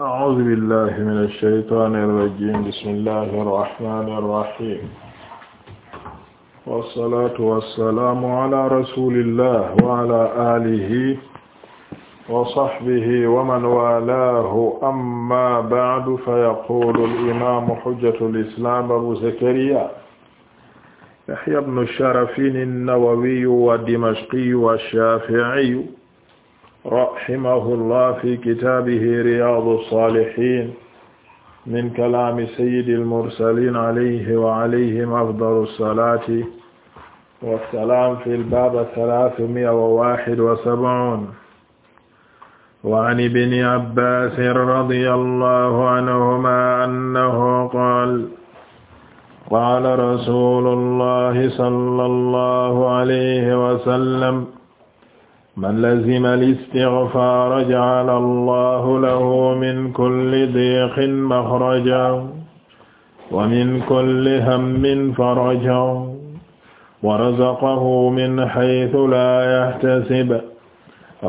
أعوذ بالله من الشيطان الرجيم بسم الله الرحمن الرحيم والصلاة والسلام على رسول الله وعلى آله وصحبه ومن والاه أما بعد فيقول الإمام حجة الإسلام أبو زكريا يحيى بن الشرفين النووي والدمشقي والشافعي rahimahullah fi kitaabihi riyaadu saalihiin min kalaami sayyidil mursaliin alayhi wa alayhim afdalu salaati wa salaam fil baab salaasumi'a wa waahid wa sab'uun wa an ibni Abbaas radiyallahu anhumaa annahu qaala qaala rasuulullahi sallallahu alayhi wa sallam man lazima al-istighfaara ja'ala Allahu lahu min kulli diiqin makhrajan wa min kulli hammin farajan wa razaqahu min haythu laa yahtasib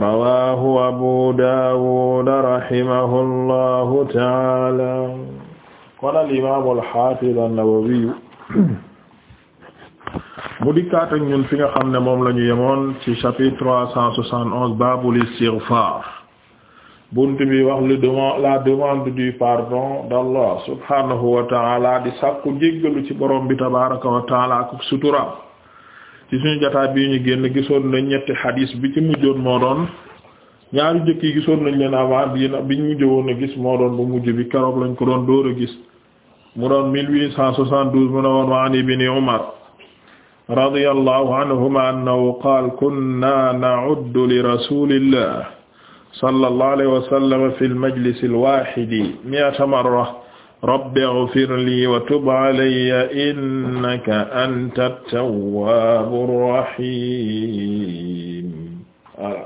rawaahu Abu Daawud rahimahu Allahu ta'aala qaala al-imaam al-haafiz an-Nawawi mu dikkaat ak ñun fi nga xam ne moom lañu yemoon ci chapitre trois cent soixante onze babul istighfar bunt bi wax le demande la demande du pardon d'Allah subhanahu wa ta'ala di sàkku jéggalu ci borom bi tabaraka wa ta'ala ak sutura ci suñu jotaay bii ñu génn gisoon nañ ñetti xadiis bi ci mujjoon moo doon ñaari jëkk yi gisoon nañ leen avant bii nag biñ mujjëwoon a gis moo doon bu mujj bi keroog lañ ko doon dóor a gis mu doon 1872 mu ne woon wa an Umar radiyallahu anhuma annahu qaala kunna na'uddu li rasulillah sallallahu alayhi wa sallam fil majlisil waahidi mi'ata marra rabbi ighfir li wa tub alayya innaka antat tawwaabur rahiim. voilà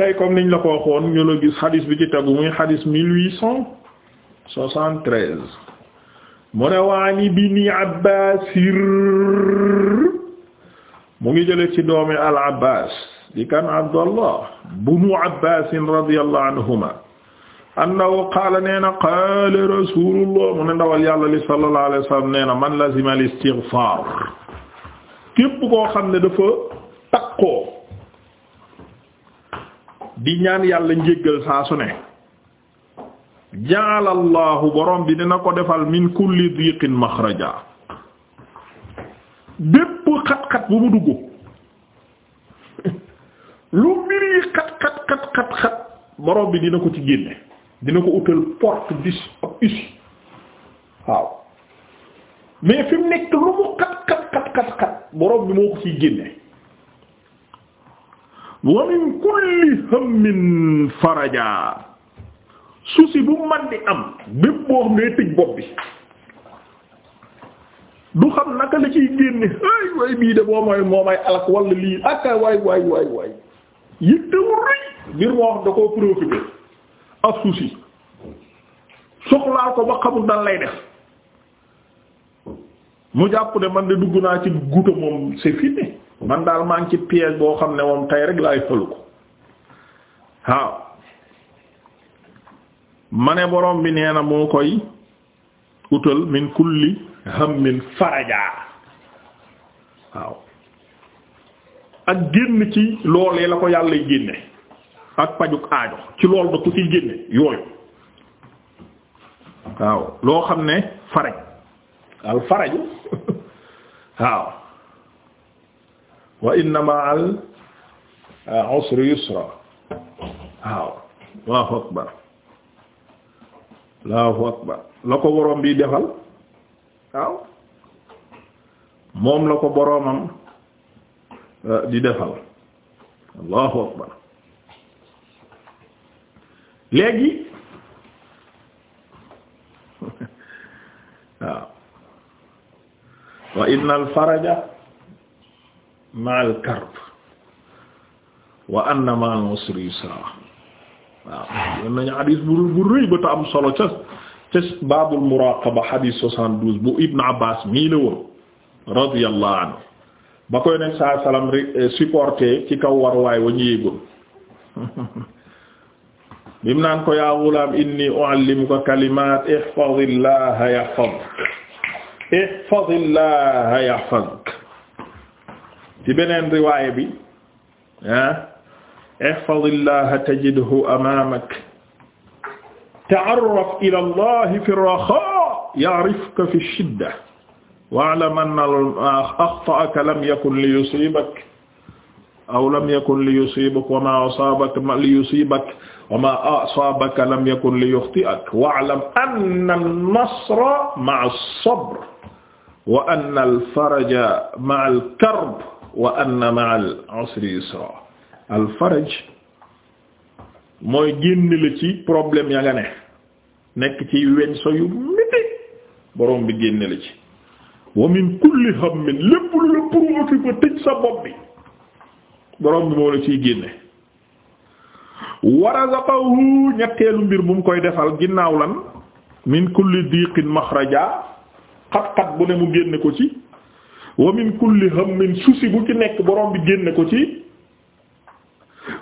tey comme niñ la ko waxoon ñu la gis xadis bi ci tegu muy xadis mille huit cent soixante-treize. mu ne waani bini abbaasir mu ngi jële ci doomi al abbaas di kan abdallah bunu abbaasin radiyallahu anhuma annahu qaala nee na qaala rasulullah mu ne ndawal yàlla li sallallahu alayhi wa sallam nee na man lazima al istighfar képp koo xam ne dafa takkoo di ñaan yàlla njéggal saa su ne ja'ala Allahu borom bi dina ko defal min kulli diqin maxraja bépp xat-xat bu mu dugg lu mbiri xat-xat xat-xat xat borom bi dina ko ci génne dina ko utal porte bis ab issue waaw mais fi mu nekk lu mu xat-xat-xat-xat borom bi moo ko ciy génne wa min kulli hammin faraja souci bu man di am bépp boo xam ne tëj bopp bi du xam naka la ciy génne ay waay bii de boo mooy moo may alak wala lii aka waay waay waay waay yëttewul rëy moo xam da koo préoccupé ak souci soxlaa ko ba xamul dan lay def mu jàpp ne man de dugg naa ci guuta moom c'est man daal maa ngi ci piège boo xam ne moom tey rek laay xëlu ko waaw mane ne borom bi nee na moo koy utal min kulli hammin farajaa waaw ak génn ci loolee la ko yàlla génne ak pajuk aajo ci lool ba ku ciy génne yooyu waaw loo xam ne faraj al faraju waaw waaw Allahu akbar Allahu akbar la ko boroom bi defal aw moom la ko boroomam eh, di defal Allahu akbar léegi waaw wa inna alfaraja ma alkarb wa anna ma al usri yusra waaw yoon nañu xadiis bu bu rëy am solo ca ca baabul muraqaba bu Ibn Abbas mii la woon radiyallahu ba koy nekk saa salaam ci kaw war waay wa ñu yéegoon naan ko yaa gulaam inni uallimuka kalimaat ihfazillaha yahfazuk ihfazillaha yahfazuk ci beneen riwaaya bi ah ihfazillaha tajidhu amaamak ta'arraf ila allahi fi raxaa ya'rifka fi shidda wa'lam anna axta'aka lam yakun liyusiibak aw lam yakun liyusiibak wa maa asaabaka liyusiibak wa maa asaabaka lam yakun liyuxti'ak wa'lam anna an-nasra ma'a as-sabr wa anna al-faraja ma'a al-karb wa anna ma'a al-'usri yusra al faraj mooy génn la ci problème ya nga ne nekk ci weñ so yu métti bi génn la ci wa min kulli hammin lépp lu la provoqué ba tëj sa bopp bi borom bi moo la ciy génne wa razaqahu ñetteelu mbir bu mu koy defal ginnaaw lan min kulli diqin maxraja xat-xat bu ne mu génne ko ci wa min kulli hammin souci bu ci nekk borom bi génne ko ci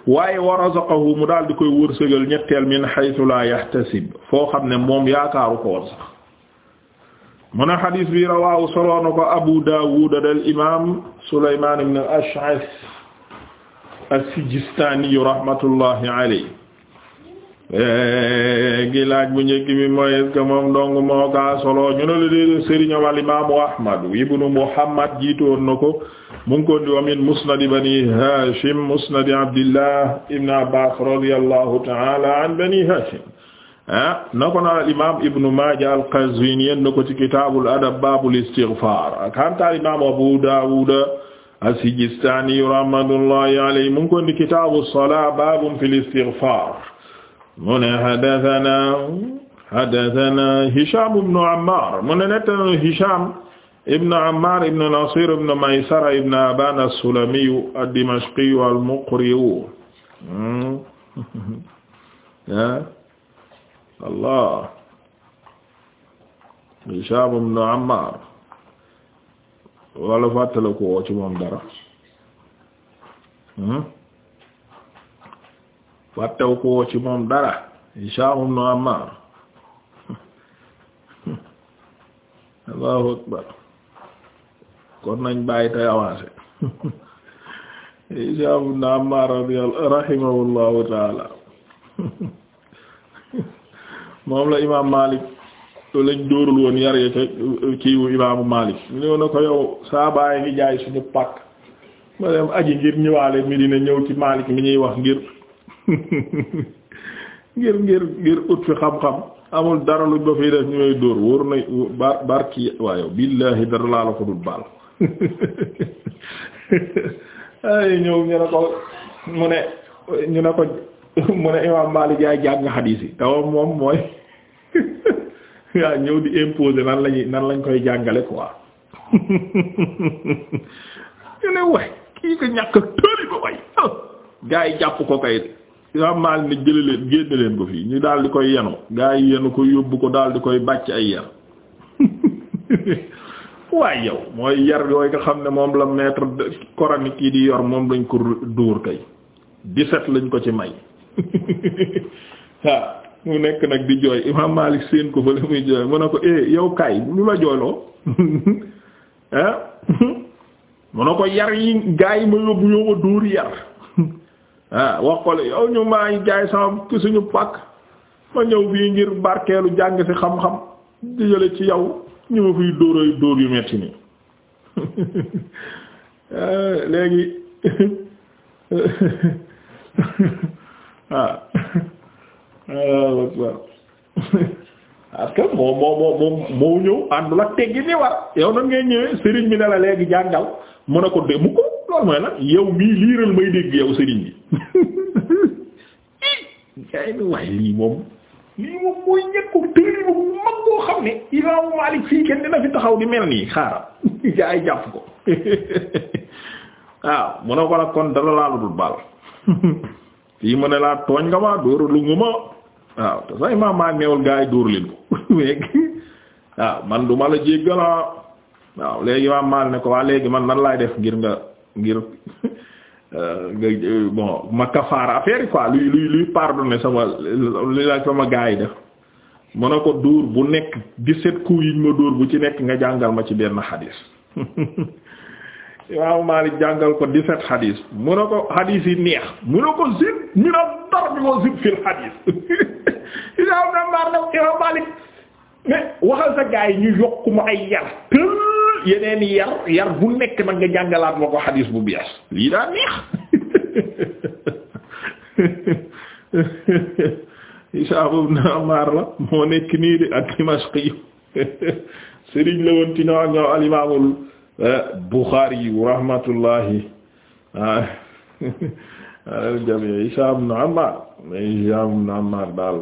waaye wa razaqahu mu daal di koy wërsëgal ñetteel min haythu la yahtasib foo xam ne moom yaakaaru ko woon sax mu ne xadis bi rawaahu soloo na ko Abu Dawud dal imaam Sulaymaan ibn al-Ash'ath as-Sijistaani rahmatullahi alayhi léegi eh, laaj bu njëkk bi mooy est-ce que moom dong moo kaa solo ñu ne la dee sëriñam al imaamu Ahmad ibnu Muhammad jiitu woon na ko mu ngi ko di wa min musnadi bani Hashim musnadi Abdillah ibn Abbas radiyallahu ta'ala an bani Hashim ah na ko naan al imaam ibnu Maaja al-Qazwini yéen na ko ci kitaabul adab baabul istighfaar kanta al imaam Abu Daawud as-Sijistaani rahmatullahi alayhi mu ngi ko di kitaabu salaa baabun fil istighfaar mu ne haddathana haddathana Hisham ibn Ammar mu ne nettana Hisham ibn Ammar ibn Nasir ibn Maysara ibn Aban as-Sulami ad-Dimashqi al-Muqri hmm. eh? Allah Hisham ibn Ammar wala fàttaliku ko ci moom dara hmm? fàttew ko ci moom dara Hishaam ibn Ammaar Allahu akbar kon nañ bàyyi avancé Hishaam ibn Ammaar radiyallahu rahimahullahu moom la imaam Maalik lañ dóorul woon yar ya ca kiiwu imaamu Maalik ñëw na ko yow saa ngi jaay suñu pàkk ma dem aji ngir ñëwaale mi dina ñëw ci Maalik mi ñuy wax ngir ngir ngir ngir ut fi xam-xam amul dara lu ba fiy def ñu may dóor wóor na barki waayo billahi dara laa la ko dul baal ay ñëw ñu ne ko mu ne ñu ne ko mu ne imam Malik yaay jàng xadiis yi tawam moom mooy yaa ñëw di imposer nan lañuy nan lañ koy jàngale quoi ñu ne way kii ko ñàkk tëri ba way ah, gaa yi jàpp ko kay imaam Maalik ne jële leen génne leen ko fii ñu daal di koy yenu gaa yi yenu ko yóbbu ko daal di koy bàcc ay yar waaye yow mooy yar yooyu nga xam ne moom la metre coranique yi di yor moom lañ ko dóor kay dix-sept lañ ko ci may waaw mu nekk nag di jooy imaam seen ko fa la muy jooy mu ne ko eh yow kaay ñu la jooyloo ah mu ne ko yar yi gaa yi ma yóbbu yow a yar Ah, wax ko yow ñu maa ngi jaay sama ki suñu pàkk ma ñëw bii ngir barkeelu jàng ci xam-xam di jële ci yow ñu ma fiy dóoray dóor yu metti nii eh, léegi ah parce que moom moo moo moo ñëw àndul ak teggi ni war yow nan ngay ñëwee sëriñ bi ne la léegi jàngal mën a ko demu ko loolu mooy lan yow taxaw di mel nii xaaral jaay jàpp ko waaw mu ne ko nag kon dala laalu dul baal fii mu ne laa tooñ nga ma dóora lu ngu ma waaw te sax imaam maa neewul gaa yi dóor leen ko weeg waaw man du ma la jéggalaa waaw léegi imaam Maalik ne ko waa léegi man nan laay def ngir nga ngir euh, nga euh, bon ma kafaara affaire yi luy luy luy sama li la sama gaa yi mën na ko dóor bu nekk dix set coups yi ñu ma dóor bu ci nekk nga jàngal ma ci benn xadis Imam Malik jàngal ko di sept xadis mën na ko xadis yi neex mën na ko zib ñu na dor bi ko zib fil xadis Imam Malik mais waxal sa gaa ñu yokk ma ay yar yeneen yar yar bu nekk nag nga jàngalaat ma bu bees lii daa neex Isaab ibn Umar la moo nekk nii ak Dimashqi sëriñ la woon ci ñoo ak al imaamul eh, Buxaari rahmatullahi al jamii Isaab ibn Umar Isaab ibn Umar daal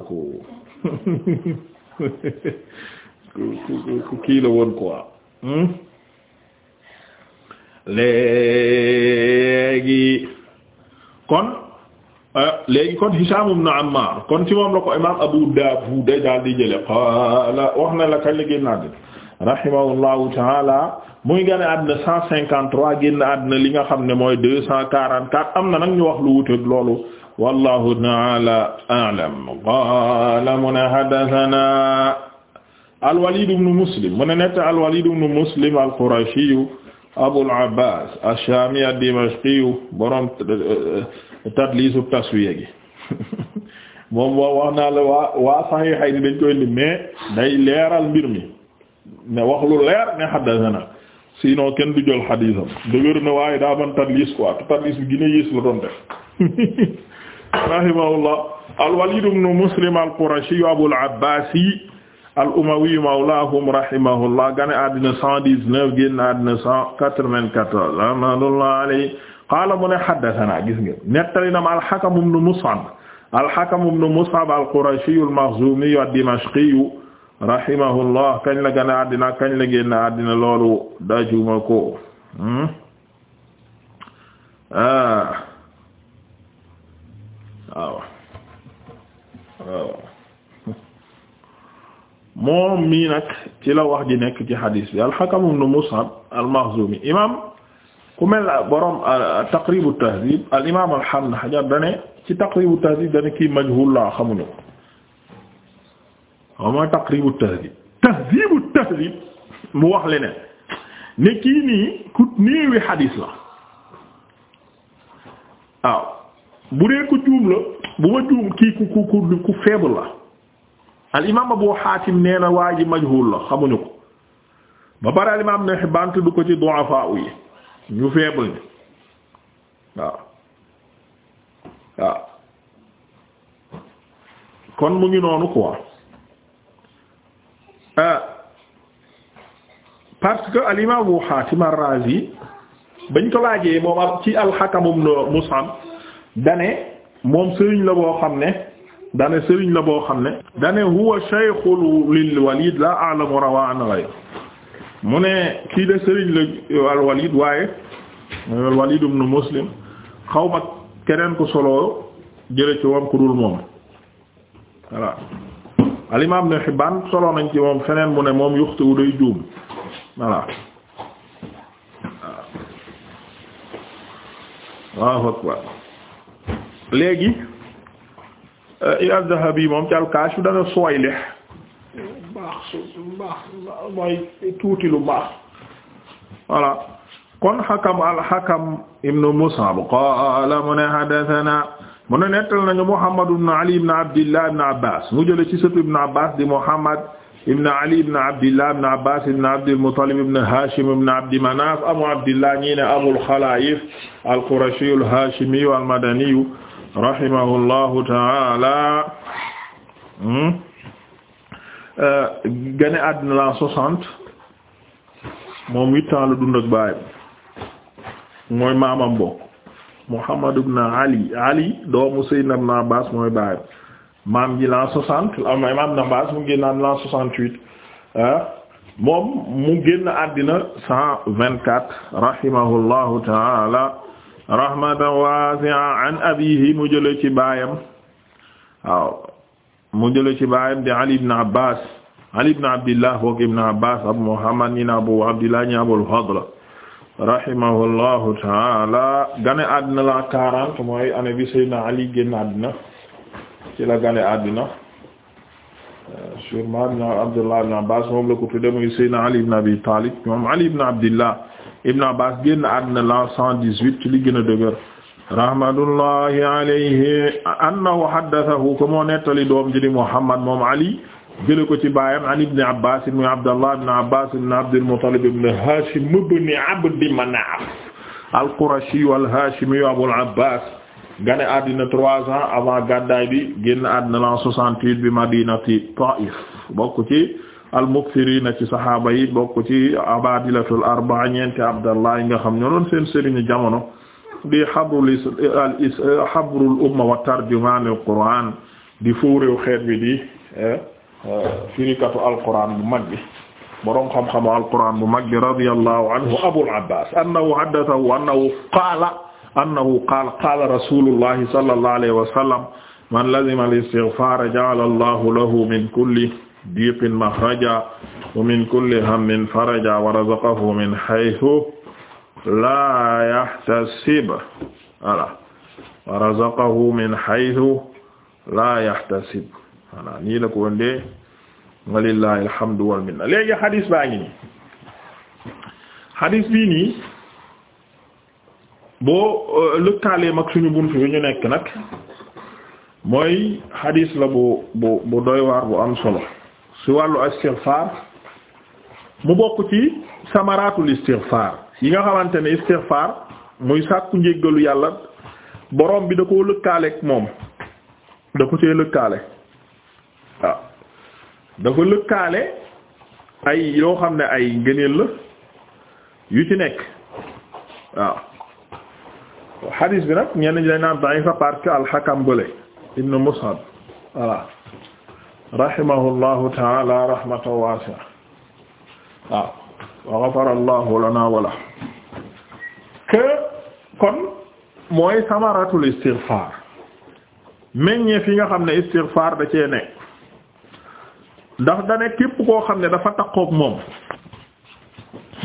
ku kii la woon Hmm? léegi kon euh, léegi kon Hisham ibn Ammar kon ci moom la imaam Abu Dawud daal di jële qaala wax na la kañ la génn àddina rahimahullahu taala muy gane àddina cent cinquante li nga xam ne mooy deux cent quarante quatre am na nag ñu wax lu wuteek loolu wallahu taala a'lam qaala mu ne haddathana al-Walid ibn Muslim mu ne nett al-Walid al shami ad-Dimashqi euh, Tadlis at-Taswiya gi waa waa Sahih ni dañ koy indi mais day leeral mbir mi wax lu leer ne haddathana sinon kenn du jël xadiisam dëgër na waaye daa ban Tadlis quoi te Tadlis bi gën a la doon def rahimahullah al-Walid ibn Muslim al-Qurashi Abul Abbas yi al umawi mawlaahum rahimahullah gane àddina 119 génn àddina 194 rahmatullahi alayhi qaala mu ne haddathanaa gis ngeen nettali na ma al-Hakam ibn Mus'ab al-Hakam al-Qurashi al dimashqi rahimahullah kañ la gane àddina loolu dajuma ko hmm? ah. moom mii nag ci la wax ji nekk ci xadiis bi al-Hakam ibn Mus'ab al-Makhzumi imaam ku mel borom Taqrib at-Tahdhib al-imaam al-Hafiz Hajar dane ci Taqrib at-Tahdhib dane kii majhul la xamuñu ko mooy Taqrib at-Tahdhib Tahdhib at-Tahdhib mu wax leneen ne kii nii ku néewi xadiis la waaw bu dee ku juum la bu ma juum kii ku ku ku la. al imaam Abu Hatim nee na ji majhul la xamuñu ko ba pare al imaam Ibn Hibbaan du ko ci du'afaa yi ñu faible ñu waaw waaw kon mu ngi noonu quoi euh, parce que al imaam Abu Hatim ar-Razi bañ ko laajee moom am ci al-Hakam ibn Mus'ab dane moom sëriñ la boo xam ne. dane sëriñ la boo xam ne dane huwa shaykhul lil walid la a'lamu rawa an mu ne kii de sëriñ la al walid waaye al walid ibn muslim xaw ma keneen ko solo jële ci wam ku dul moom voilà al imam ibn hibban nañ ci moom feneen mu ne moom yuxtu wu day juum voilà waaw waaw léegi Az-Zahabi euh, moom ci al-Kashf dana sooy lex baax su baax mooy tuuti lu baax voilà kon Hakam al-Hakam ibn Mus'ab qaala mu ne haddathana mu ne nettal nañu Muhammad ibn Ali ibn Abdillah ibn Abbas mu jële ci sëtu ibn Abbas di Muhammad ibn Ali ibn Abdillah ibn Abbas ibn Abdil Muttalib ibn Hashim ibn Abdi Manaf Abu Abdillah ñi ne Abul Khalayif al-Qurashi al-Hashimi al-Madani rahimahullahu taala hmm? euh, gane àddina la soixante moom huit la dund ak baayam mooy maamam bokk Muhammad ibn Ali Ali doomu Seydina ibn Abbas mooy baayam maam ji la soixante am ah, imaam ibn Abbas mu génn àddina la soixante-huit ah, moom mu génn àddina cent vingt-quatre rahimahullahu taala rahmatan wasi'a an abihi mu jële ci baayam waaw mu jële ci baayam di ali ibn abbas ali ibn abdillah boog ibn abbas abu muhammad ñi na abu abdillah ñi abul fadl rahimahullahu taala gane àddina la quarante mooy année bi sayyidina ali génn àddina ci la gane àddina sûrement ibn abdullah ibn abbas moom la ko tudde muy sayyidina ali ibn abi talib moom ali ibn abdillah Ibn Abbas génn àddina la 118 ci li gën a dëgër rahmatullahi alayhi annahu haddathahu ko moo nettali doom ji di Muhammad moom Ali jële ko ci baayam an ibni Abbas ibn Abdallah ibn Abbas ibn Abdul Muttalib ibn Hashim ibn Abd Manaf al-Qurashi wal-Hashimi Abul Abbas gane àddina trois ans avant gàddaay bi génn àddina la 68 bi madinati Taif bokk ci al-mukthirina ci saxaaba yi bokk ci abadilatul arba'a ñeenti Abdallah yi nga xam ñoo doon seen sëriñu jamono di habrul is al is habrul umma wa tarjumanul Qur'an di fuurew xeet bi di eh, eh, firikatu al-Qur'an bu mag bi boroom xam-xamu al-Qur'an bu mag bi radiyallahu anhu Abul Abbas annahu haddathahu annahu qaala annahu qaala qaala rasulullahi sallallahu alayhi wa sallam man lazima al-istighfara ja'ala Allahu lahu min kulli ضيق مخرجا ومن كل هم فرجا ورزقه من حيث لا يحتسب voilà ورزقه من حيث لا يحتسب voilà nii la ko wonde walillahi alhamdu wal minna léegi hadis baa ngi nii hadis bii nii boo euh, lëkkaaleem ak suñu buntu bi ñu nekk nag mooy hadis la bu bu bu doy waar bu am solo si wàllu istighfar mu bokk ci samaraatul istighfar yi nga xamante ne istighfar muy sàkku njéggalu yàlla borom bi da koo lëkkaaleek moom da ko cee lëkkaale waaw dafa lëkkaale ay yoo xam ne ay ngëneel yu ci nekk waaw xadiis bi nag ñenn ñi dañ naan da'if parce que al-Hakam bële ibn Mus'ab voilà rahimahullahu taala rahmatan wasi'a waaw wa ghafara allahu lana wala que kon mooy samaratul istighfar meññeef yi nga xam ne istighfar da cee nekk ndax da ne képp koo xam ne dafa takkook moom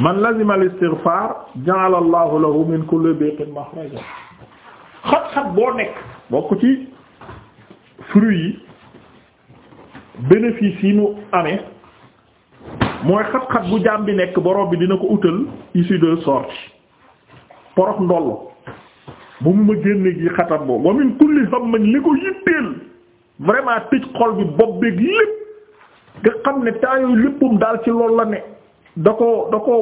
man lazima al istighfar ja'ala allahu lahu min kulli dhiqin makhraja xat-xat boo nekk bokk ci fruit yi bénéfice yi mu amee mooy xat-xat bu jaam bi nekk borom bi dina ko utal issue de sortie porox ndoll bu mu ma génne gi xatat boobu wa min kulli hammin li ko yitteel vraiment tëj xol bi bopp beeg lépp nga xam ne temps léppum daal ci loolu la ne da ko da ko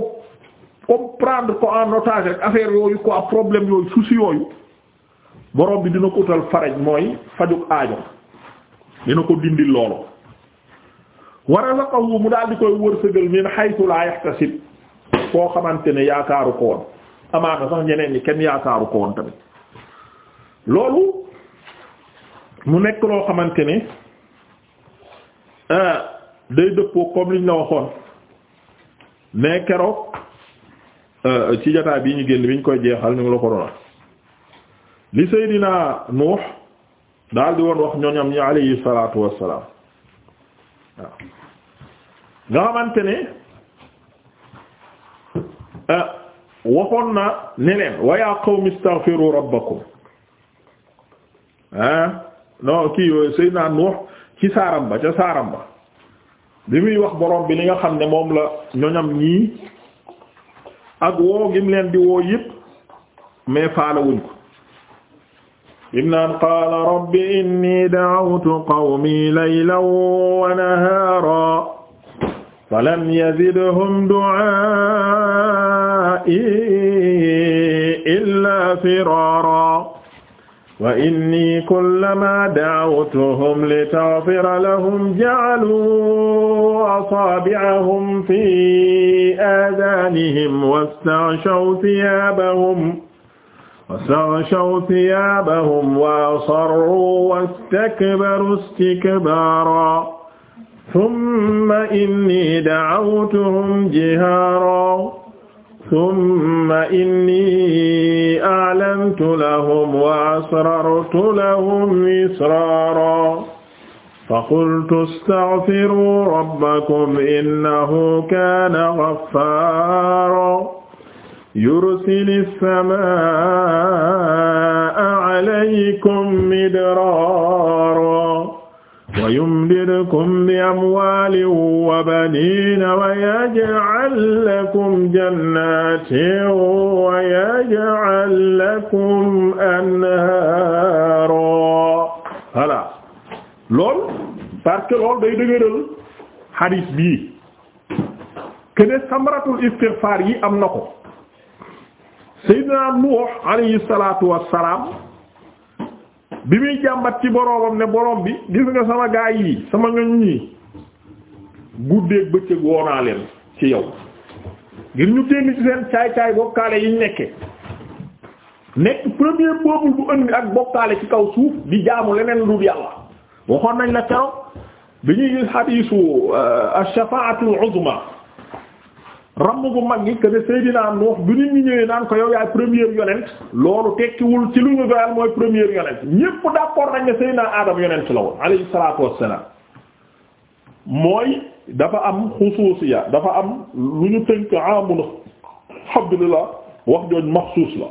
comprendre ko en otage rek affaire yooyu quoi problème yooyu souci yooyu borom bi dina ko utal faraj mooy fajuk aajo dina ko dindi loolu wa razaqahu mu daal di koy wërsëgal min haythu la yahtasib foo xamante ne yaakaaru ko woon amaana sax ñeneen ñi kenn yaakaaru ko woon tamit loolu mu nekk loo xamante ni ah, day dëppoo comme liñ la waxoon mais keroog ah, ci jotaay bi ñu génn bi ñu koy jeexal ñu ngi la ko doon li Seydina Nuux daal di woon wax ñooñam ñi alayhi salaatu wassalaam waaw nga xamante ne euh, waxoon na ne leen wa yaa qawmi istaghfiru rabbakum ah non kii yooyu Seydina Nuux ci saaram ba ca saaram ba bi muy wax borom bi li nga xam ne moom la ñoñam ñii ak woo gim leen di woo yëpp mais faala wuñ ko im naan qaala rabbi inni da'awtu qawmi laylan wa nahaara falam yazidhum du'aa'i illaa firaara wa inni kullamaa da'awtuhum litaghfira lahum ja'aluu asaabi'ahum fii aadaanihim wasta'shaw thiyaabahum wastaghshaw thiyaabahum wa asarru wastakbaru istikbaara thumma inni da'awtuhum jihaara thumma inni a'lantu lahum wa asrartu lahum israara faqultu astaghfiruu rabbakum innahu kaana ghaffaara yursili samaa alaykum midraara wa yumdidkum bi amwaalin wa baniina wa yaj'al lakum jannaatin wa yaj'al lakum anhaara voilà loolu parce que loolu day dëgëral hadith bii que ne samaratul istighfar yi am na ko. Seydina Nuux alayhi salaatu wassalaam bi muy jàmbat ci boroomam ne boroom bi gis nga sama gaa yi sama ñoñ ñi guddeeg bëccëg woonaa leen ci yow ngir ñu génn ci seen caay-caay bokkaale yiñ nekke nekk premier peuple bu ënd ak bokkaale ci kaw suuf di jaamu leneen lu dul yàlla waxoon nañ la keroog bi ñuy gis hadiisu euh, ash-shafa'atu al-'uzma ramm bu mag ñi que ne Seydina Nuux bu nit ñi ñëwee naan ko yow yaay premier yonent loolu tekkiwul ci lu ñu doyal mooy premier yonent ñépp d'accord nañ ne Seydina Adam yonent la woon alayhi salaatu wassalaam mooy dafa am xusuusiya dafa am lu ñu tënk amul alhamdulillah wax jooj maxsuus la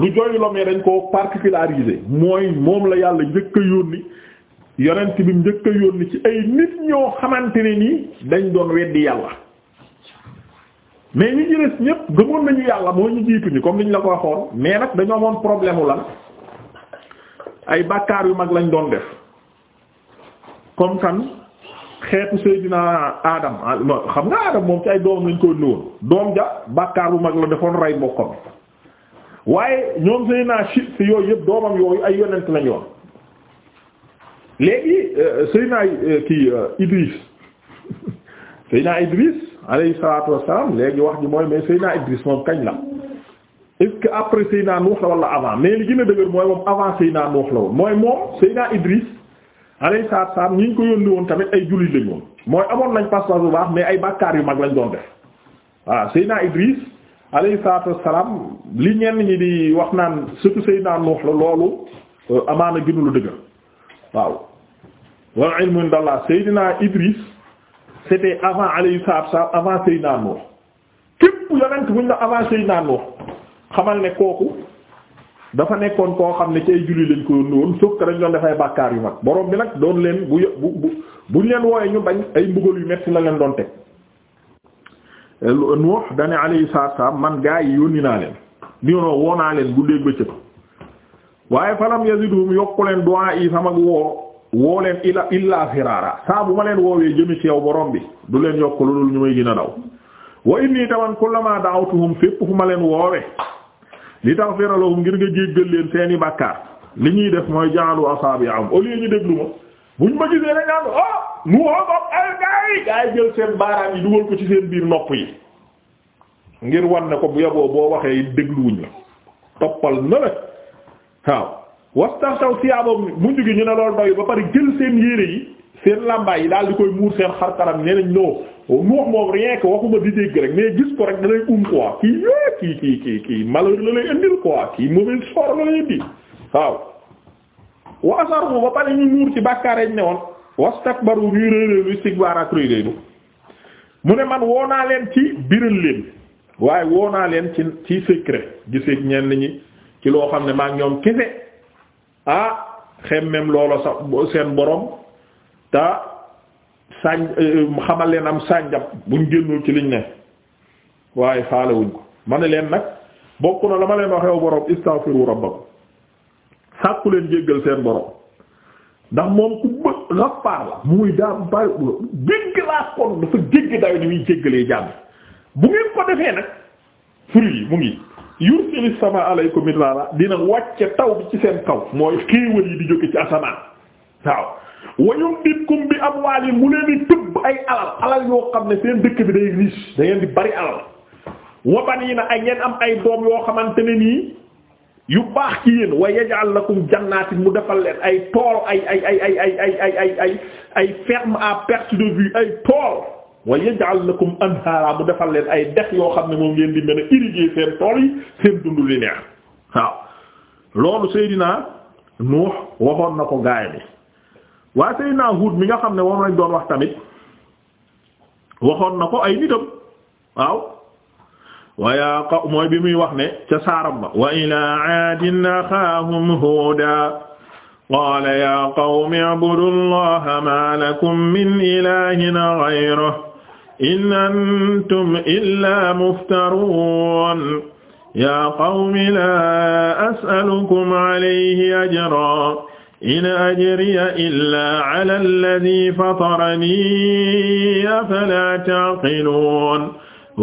lu jooyu la mais dañ ko particularisé mooy moom la yàlla njëkk a yónni yonent bi njëkk a yónni ci ay nit ñoo xamante ne nii dañ doon weddi yàlla mais ñi ci des ñëpp gëmoon nañu yàlla mooy ñu jiitu ñi comme niñ la ko waxoon mais nag dañoo amoon problème wu lan ay bàkkaar yu mag lañ doon def comme kan xeetu Seydina Adam ah, xam nga Adam moom ci ay doom lañ koy nuwoon doom ja bàkkaar bu mag la defoon rey mbokkam waaye ñoom Seydina Chit si yooyu yëpp doomam yooyu ay yonent lañu woon léegi euh, Seydina euh, kii euh, Idris Seydina Idris. alayhi salaatu wassalaam léegi wax ji mooy mais Seydina Idris moom kañ la est-ce que après Seydina Nuux la wala avant mais li gën a dëgër mooy moom avant Seydina Nuux la woon mooy moom Seydina Idris alayhi salaatu wassalaam ñi ñu ko yónni woon tamit ay jullit lañ woon mooy amoon nañ pas bu baax mais ay bàkkaar yu mag lañ doon def waaw Seydina Idris alayhi salaatu wassalaam li ñenn ñi di wax naan surtout Seydina Nuux la loolu euh, amaana gënu lu dëgër waaw wal ilmu c'était avant alayhi salaatu salaam avant Seydina Nuux képp yonent buñ la avant Seydina Nuux xamal ne kooku dafa nekkoon koo xam ne ci ay julli lañ ko yónni woon sauf que dañ doon dafay bàkkaar yu mag borom bi nag doon leen bu bu bu buñ leen wooyee ñu bañ ay mbugal yu metti la leen doon teg. Eh, Nuux dane alayhi salaatu salaam man gaa yi yónni naa leen dionoo woo naa leen guddeeg bëccëg waaye falam yaziduhum yokku leen du'a yi sama woo woo leen ila illaa firaara saa bu ma leen woowee jëmi ci yow borom bi du leen yokk lu dul ñu may gën a daw wa inni taman kullama da'awtuhum fépp fu ma leen woowe li taghfira lahum ngir nga jéggal leen seeni bàkkaar li ñuy def mooy jaalu asabi'ahum au lieu ñu déglu ma buñ ma gisee dañ naan oh mu woo ay gaay gaay jël seen baaraam yi dugal ko ci seen biir nopp yi ngir wan ko bu yaboo boo waxee dégluwuñ la toppal na la wastawtaw siyaabam mujj gi ñu ne loolu doy ba pare jël seen yére yi seen làmbaay yi daal di koy muur seen xar kanam nee nañ non non moom rien que waxuma di dégg rek mais gis ko rek da lay um quoi kii eh, kii kii kii kii malheur la lay indil quoi kii mauvais sort la lay indi waaw. wa asarbu ba pare ñu muur ci bàkkaar ñu ne woon wastakbaru ñuy réeréeru istikbaar ak réeréeru mu ne man woo naa leen ci biral leen waaye woo naa leen ci ci secret gisee ñenn ci loo xam ne maa ñoom ah xemmem loola sa seen boroom te sànj euh, xamal leen am sànjam buñ génnul ci liñ ne waaye faalewuñ ko ma ne leen nag bokk na la ma leen waxew borom istaghfiru rabbakum sàkku leen jéggal seen borom ndax moom ku bëgg Ghaffar la muy daa bari jégg laa kon dafa jégg daw ni muy jéggalee jàmm bu ngeen ko defee nag fruit yi mu ngi yursil sama alaykum midrara dina wàcce taw bi ci seen kaw mooy xéewal yi di jóge ci asamaan waaw wayum ditkum bi amwaal yi mu leen di ay alal alal yoo xam ne seen dëkk bi day riche dangeen di bari alal waban yi na ay ngeen am ay doom yoo xamante ne nii yu baax ci yéen wa yaj'al lakum jannatin mu defal leen ay tool ay ay ay ay ay ay ay ay ferme à perte de vue ay tool wa yaj'al lakum anhaara mu defal leen ay dex yoo xam ne moom ngeen di mën a irriguer seen tool yi seen dund li neex waaw loolu Seydina Nuux waxoon na ko gaay bi waa Seydina Huud mi nga xam ne moom lañ doon wax tamit waxoon na ko ay nitam waaw wayaa qaw mooy bi muy wax ne ca saaram ba wa ilaa aadin axaahum huuda qaala yaa qawmi abudu allaha ma lakum min ilahin ghayruhu in antum illa muftaruun yaa qawmi laa as'alukum alayhi ajran in ajriya illaa ala alladhii fataranii afalaa ta'qiluun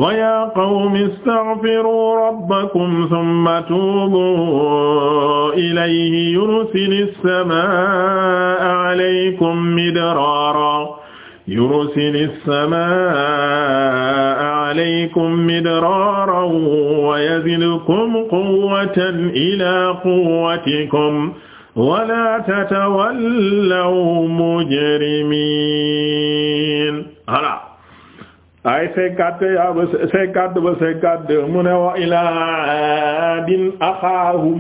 wa yaa qawmi istaghfiruu rabbakum thumma tuubuu ilayhi yursili as-samaa'a alaykum midraaran yursili samaa alaykum midraaran wa yazidkum quwwatan ilaa quwwatikum wa laa tatawallaw mujrimiin voilà ay cinquante ya ba cinquante ba cinquante mu ne wa ilaa aadin axaahum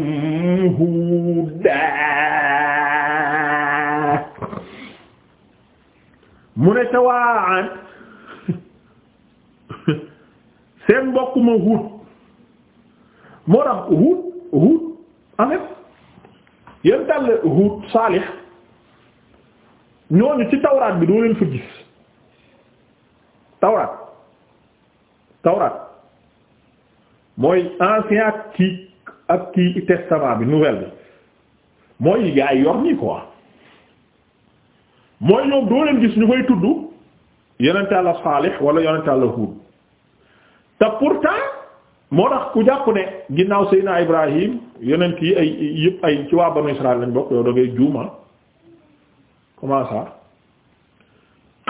huuda mu ne ca waa ànd seen mbokk ma Huud moo tax Huud Huud en fait yéen daal Saalix ñooñu ci tawraat bi doo leen fa gis tawraat tawraat mooy ancien ak kii ak kii testament bi nouvelle bi mooy gaa yi yor nii quoi. mooy ñoom doo leen gis ñu koy tudd yonent Yàlla Saalih wala yonent Yàlla Huud te pourtant moo tax ku jàpp ne ginnaaw Seydina Ibrahim yonent yi ay yëpp ay ci waa banu Israël lañ bokk yow da ngay juuma ah. comment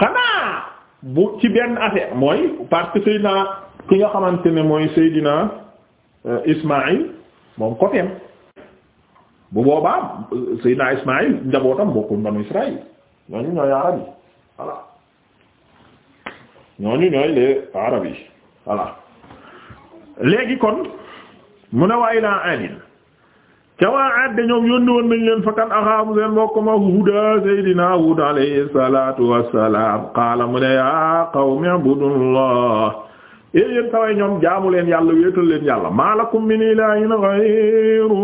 xanaa bu ci benn affaire mooy parce que Seydina ki nga xamante ne mooy Seydina euh, Ismaïl moom côté bu boobaa euh, Seydina Ismaïl njabootam bokkul banu Israël. ñooñu ñooy arab ñooñu ñooy les arab yi kon mu ne waa ilaa aadin ca waa aad de ñoom yónni woon nañ leen fakkan axaamu seen mbokk ma seydina hud alayhi salaatu wassalaam qaala mu ne yaa qawmi abudullah ee yéen taway ñoom jaamu leen yàlla wéetal leen yàlla maalakum min ilaahin ghayru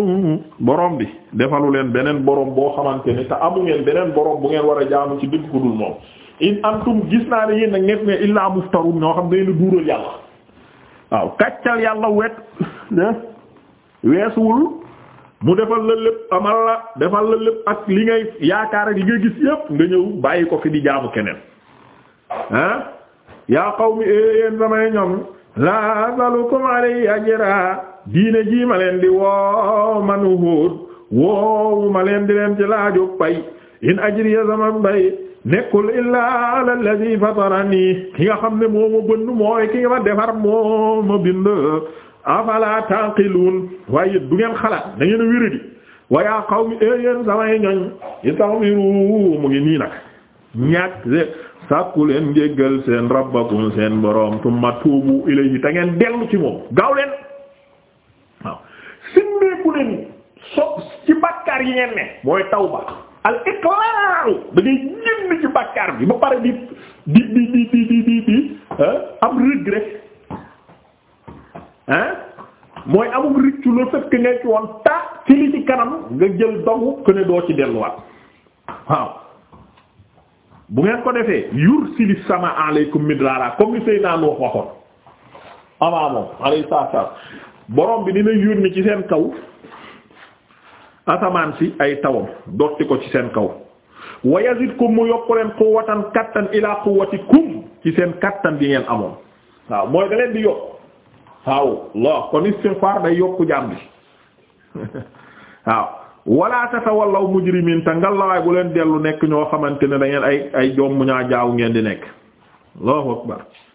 borom bi defalu leen beneen boroom boo xamante ni te amu ngeen beneen borom bu ngeen war a jaamu ci dëgg ko dul moom in antum gis naa ne yéen nekk nga illaa muftarun ñoo xam dayna duural yàlla waaw kàccal yàlla wet weesuwul mu defal la lépp amal la defal la lépp ak li ngay yaakaar ak li ngay gis yépp nga ñëw bàyyi ko fi di jaamu keneen ah yaa qawmi eh, yéen samay ñoom laa asalukum alayhi ajra diine jii ma leen di woo man Uhud woowu ma leen di leen ci laaju pay in ajriya zaman bay nekkul illaa ala alladhi fatarani ki nga xam ne moom ma bënd mooy ki nga ma defar moo ma bind afala taqilun waaye du ngeen xalaat da ngeen wéradi wa yaa qawmi eh, yéen samay ñoñ istaghfiru mu ngi nii nag ñaak sàkku leen njéggal seen rabbakum seen borom tuubu ilayhi ta ngeen dellu ci moom gaaw leen waaw simmeeku leen bàkkaar yi ngeen ne mooy tawba al iqlaaru ci bàkkaar bi ba pare di di di di di di di am regret ah mooy amum rëccu la fekk nga ci li ci kanam nga jël dogu que ne doo ci delluwaat waaw bu ngeen ko defee yursili sama aleykum midrara comme li Seydina Nuux waxoon avant moom alayhi salaam borom bi dina yónni ci seen kaw asamaan si ay tawam dotti ko ci seen kaw wa yazidkum mu yokk leen quwwatan kattan ila quwwatikum ci seen kattan bi ngeen amoon waaw mooy da leen di yokk waaw Allah kon istighfar day yokku jaam bi waaw wala tatawallaw mujrimin te ngallawaay bu leen dellu nekk ñoo xamante ne da ngeen ay ay joom ñaa jaaw ngeen di nekk Allahu akbar